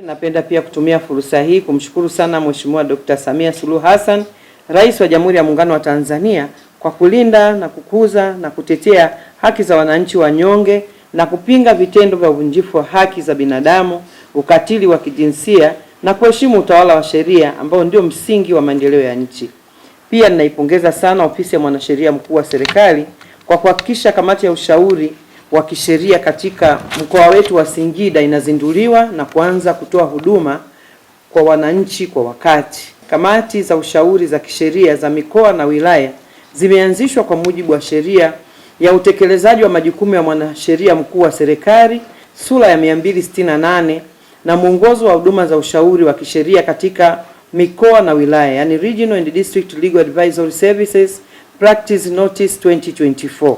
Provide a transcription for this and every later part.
Napenda pia kutumia fursa hii kumshukuru sana Mheshimiwa Dkt. Samia Suluhu Hassan, Rais wa Jamhuri ya Muungano wa Tanzania kwa kulinda na kukuza na kutetea haki za wananchi wanyonge na kupinga vitendo vya uvunjifu wa haki za binadamu, ukatili wa kijinsia na kuheshimu utawala wa sheria ambao ndio msingi wa maendeleo ya nchi. Pia ninaipongeza sana Ofisi ya Mwanasheria Mkuu wa Serikali kwa kuhakikisha kamati ya ushauri wa kisheria katika mkoa wetu wa Singida inazinduliwa na kuanza kutoa huduma kwa wananchi kwa wakati. Kamati za ushauri za kisheria za mikoa na wilaya zimeanzishwa kwa mujibu wa sheria ya utekelezaji wa majukumu ya mwanasheria mkuu wa serikali sura ya 268 na mwongozo wa huduma za ushauri wa kisheria katika mikoa na wilaya, yani Regional and District Legal Advisory Services Practice Notice 2024.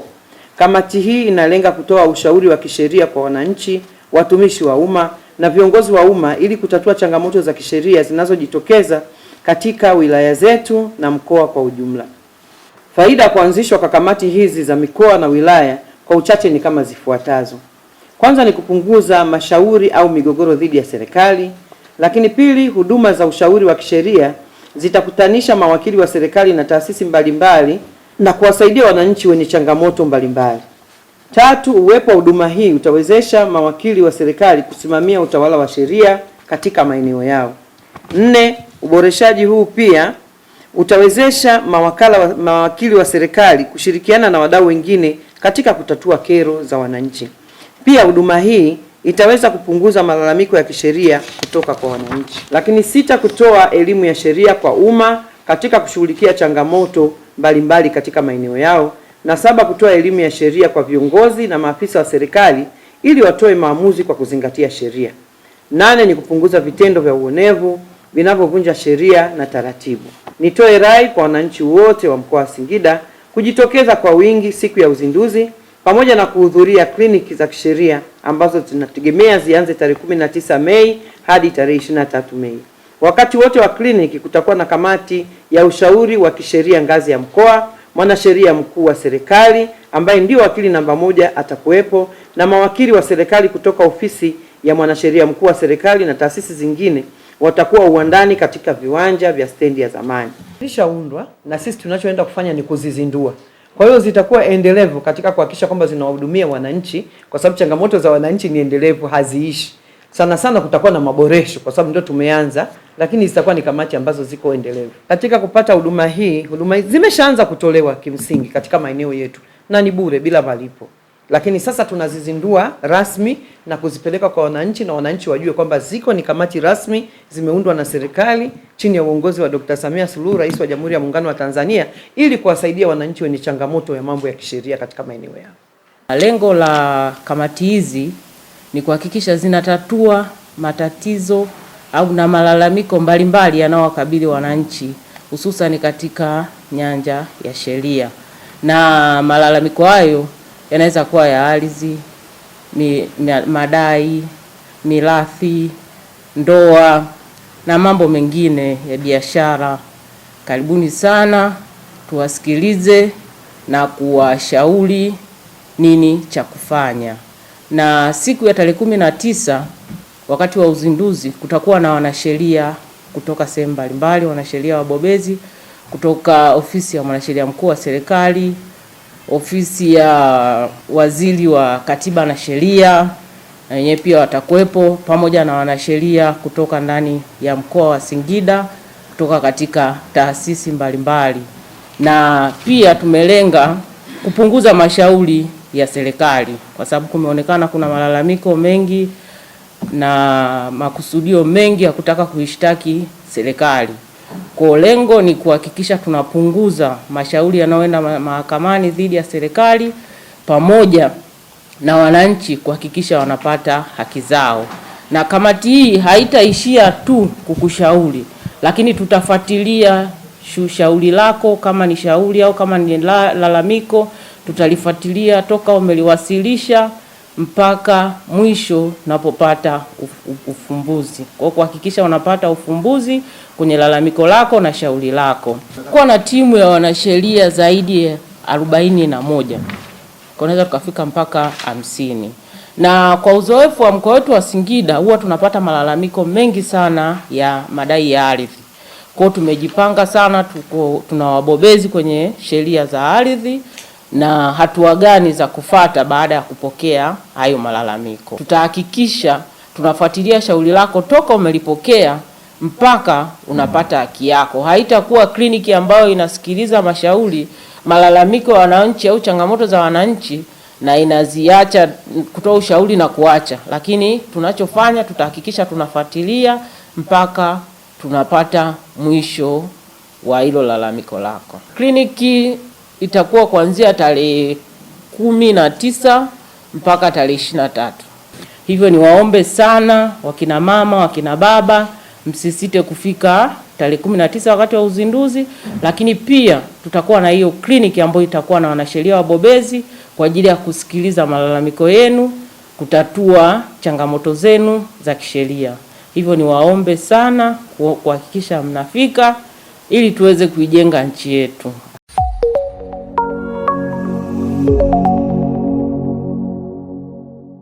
Kamati hii inalenga kutoa ushauri wa kisheria kwa wananchi, watumishi wa umma na viongozi wa umma ili kutatua changamoto za kisheria zinazojitokeza katika wilaya zetu na mkoa kwa ujumla. Faida ya kuanzishwa kwa kamati hizi za mikoa na wilaya kwa uchache ni kama zifuatazo. Kwanza ni kupunguza mashauri au migogoro dhidi ya serikali, lakini pili, huduma za ushauri wa kisheria zitakutanisha mawakili wa serikali na taasisi mbalimbali na kuwasaidia wananchi wenye changamoto mbalimbali. Tatu, uwepo wa huduma hii utawezesha mawakili wa serikali kusimamia utawala wa sheria katika maeneo yao. Nne, uboreshaji huu pia utawezesha mawakala wa, mawakili wa serikali kushirikiana na wadau wengine katika kutatua kero za wananchi. Pia huduma hii itaweza kupunguza malalamiko ya kisheria kutoka kwa wananchi. Lakini sita, kutoa elimu ya sheria kwa umma katika kushughulikia changamoto mbalimbali katika maeneo yao, na saba, kutoa elimu ya sheria kwa viongozi na maafisa wa serikali ili watoe maamuzi kwa kuzingatia sheria. Nane ni kupunguza vitendo vya uonevu vinavyovunja sheria na taratibu. Nitoe rai kwa wananchi wote wa mkoa wa Singida kujitokeza kwa wingi siku ya uzinduzi pamoja na kuhudhuria kliniki za kisheria ambazo tunategemea zianze tarehe 19 Mei hadi tarehe 23 Mei. Wakati wote wa kliniki kutakuwa na kamati ya ushauri wa kisheria ngazi ya mkoa, mwanasheria mkuu wa serikali ambaye ndio wakili namba moja atakuwepo, na mawakili wa serikali kutoka ofisi ya mwanasheria mkuu wa serikali na taasisi zingine watakuwa uwandani katika viwanja vya stendi ya zamani. Ilishaundwa na sisi tunachoenda kufanya ni kuzizindua. Kwa hiyo zitakuwa endelevu katika kuhakikisha kwamba zinawahudumia wananchi, kwa sababu changamoto za wananchi ni endelevu, haziishi sana sana kutakuwa na maboresho kwa sababu ndio tumeanza, lakini zitakuwa ni kamati ambazo ziko endelevu katika kupata huduma hii. Huduma zimeshaanza kutolewa kimsingi katika maeneo yetu na ni bure bila malipo, lakini sasa tunazizindua rasmi na kuzipeleka kwa wananchi, na wananchi wajue kwamba ziko ni kamati rasmi zimeundwa na serikali chini ya uongozi wa Dr. Samia Suluhu, Rais wa Jamhuri ya Muungano wa Tanzania, ili kuwasaidia wananchi wenye changamoto ya mambo ya kisheria katika maeneo yao. Lengo la kamati hizi ni kuhakikisha zinatatua matatizo au na malalamiko mbalimbali yanayowakabili wananchi hususani katika nyanja ya sheria, na malalamiko hayo yanaweza kuwa ya ardhi, mi, madai, mirathi, ndoa na mambo mengine ya biashara. Karibuni sana tuwasikilize na kuwashauri nini cha kufanya na siku ya tarehe kumi na tisa wakati wa uzinduzi kutakuwa na wanasheria kutoka sehemu mbalimbali, wanasheria wabobezi kutoka ofisi ya mwanasheria mkuu wa serikali, ofisi ya waziri wa katiba na sheria na wenyewe pia watakuwepo, pamoja na wanasheria kutoka ndani ya mkoa wa Singida kutoka katika taasisi mbalimbali mbali. Na pia tumelenga kupunguza mashauri ya serikali, kwa sababu kumeonekana kuna malalamiko mengi na makusudio mengi ya kutaka kuishtaki serikali. Kwa lengo ni kuhakikisha tunapunguza mashauri yanayoenda mahakamani dhidi ya serikali pamoja na wananchi kuhakikisha wanapata haki zao. Na kamati hii haitaishia tu kukushauri, lakini tutafuatilia shauri lako, kama ni shauri au kama ni lalamiko la tutalifuatilia toka umeliwasilisha mpaka mwisho napopata ufumbuzi, kwa kuhakikisha unapata ufumbuzi kwenye lalamiko lako na shauri lako. Kuwa na timu ya wanasheria zaidi ya arobaini na moja kunaweza tukafika mpaka hamsini na kwa uzoefu wa mkoa wetu wa Singida huwa tunapata malalamiko mengi sana ya madai ya ardhi. Kwao tumejipanga sana, tuko tunawabobezi kwenye sheria za ardhi na hatua gani za kufata baada ya kupokea hayo malalamiko. Tutahakikisha tunafuatilia shauri lako toka umelipokea mpaka unapata haki yako. Haitakuwa kliniki ambayo inasikiliza mashauri, malalamiko ya wananchi au changamoto za wananchi na inaziacha kutoa ushauri na kuacha. Lakini tunachofanya tutahakikisha tunafuatilia mpaka tunapata mwisho wa hilo lalamiko lako. Kliniki itakuwa kuanzia tarehe kumi na tisa mpaka tarehe ishirini na tatu. Hivyo niwaombe sana wakina mama, wakina baba msisite kufika tarehe kumi na tisa wakati wa uzinduzi, lakini pia tutakuwa na hiyo kliniki ambayo itakuwa na wanasheria wabobezi kwa ajili ya kusikiliza malalamiko yenu, kutatua changamoto zenu za kisheria. Hivyo niwaombe sana kuhakikisha mnafika ili tuweze kuijenga nchi yetu.